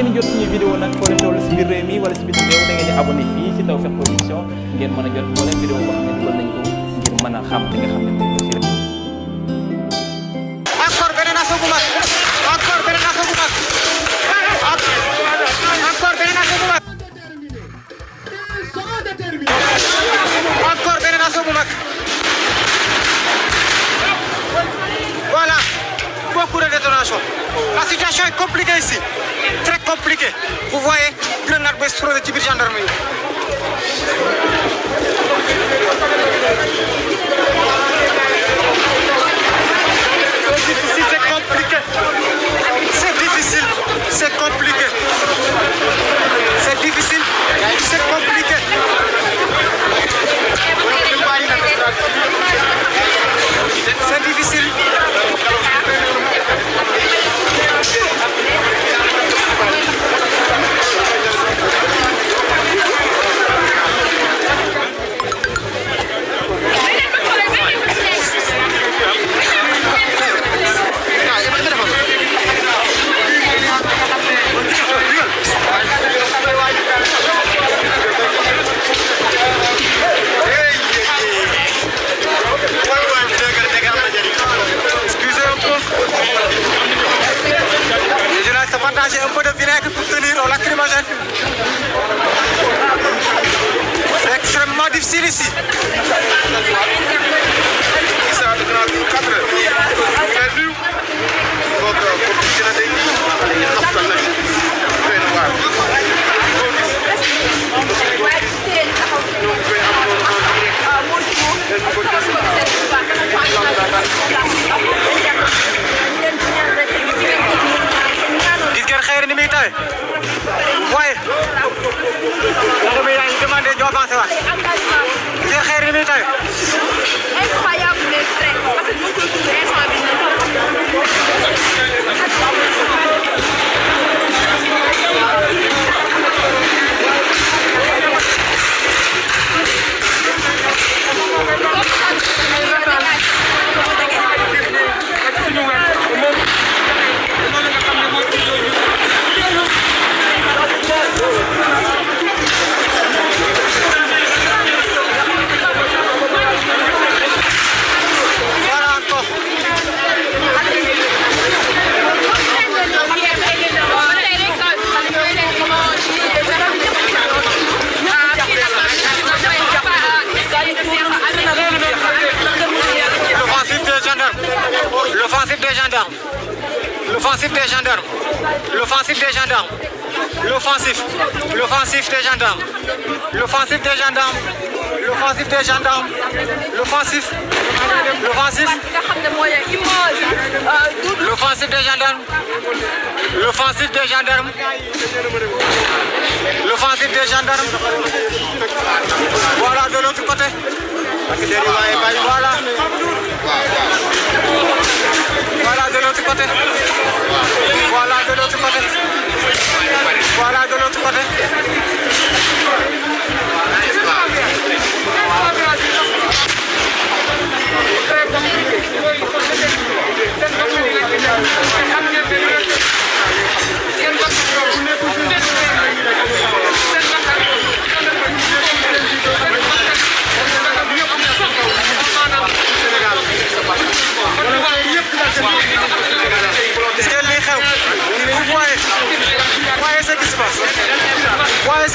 ngeen jot suñu vidéo nag foo leen toll si biir réew mi wala si biti réew da ngeen di abonné fii si Tawfekh Production ngeen mën a jot moo leen vidéo boo xam ne dugal nañ ko ngir mën a xam li nga xam ne moom la rek. encore beneen assaut bu mag encore beneen assaut bu mag encore beneen assaut bu mag. encore beneen assaut bu mag. voilà beaucoup de détonation. la situation est compliquée ici. très compliqué vous voyez grenade bay se ci biir gendarmerie C'est extrêmement difficile ici. savez, vous voyez, il a demandé de avancer là. C'est incroyable le trait, parce que nous, nous, nous, nous, nous, nous, nous, nous, des gendarmes. L'offensif des gendarmes. L'offensif des gendarmes. L'offensif. L'offensif des gendarmes. L'offensif des gendarmes. L'offensif des gendarmes. L'offensif. L'offensif. L'offensif des gendarmes. L'offensif des gendarmes. L'offensif des gendarmes. Voilà de l'autre côté. l'autre côté. Voilà de l'autre côté.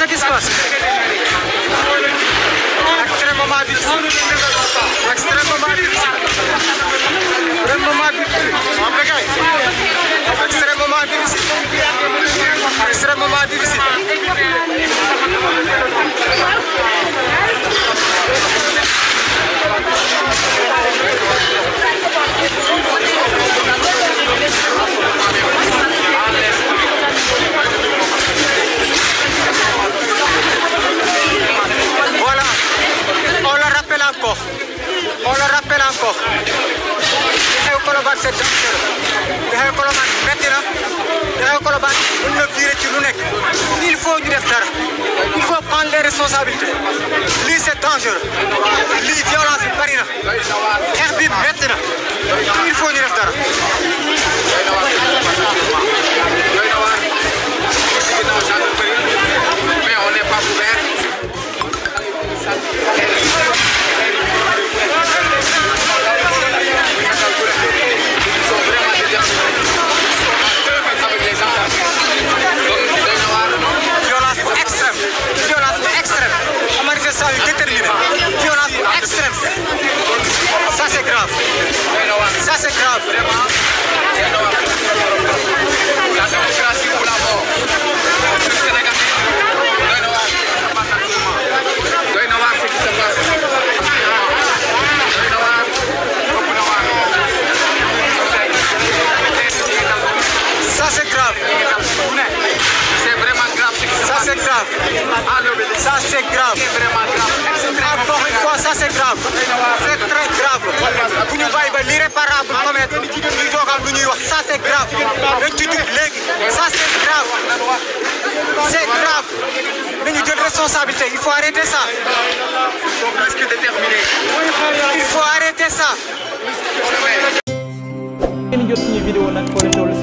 ce qui se passe. Extrêmement difficile. Extrêmement difficile. Extrêmement difficile. Extrêmement difficile. Extrêmement difficile. encore. On le rappelle encore. li xew Colobane c'est dangereux. li xew Colobane metti na. li xew Colobane mën na virer ci lu nekk. il faut ñu def dara. il faut prendre les responsabilités. lii c'est dangereux. lii violence bi bari na. xeex bi metti na. il faut ñu def dara. grave. Ça, c'est grave, vraiment. La démocratie grave. Ça, c'est grave. Encore une fois, ça, c'est grave. C'est très grave. bu ñu bàyyi ba l'irréparable commettre ñu toogal lu ñuy wax ça, c'est grave. dañ ci jug léegi ça, c'est grave. c'est grave. nañu responsabilité Il faut arrêter ça.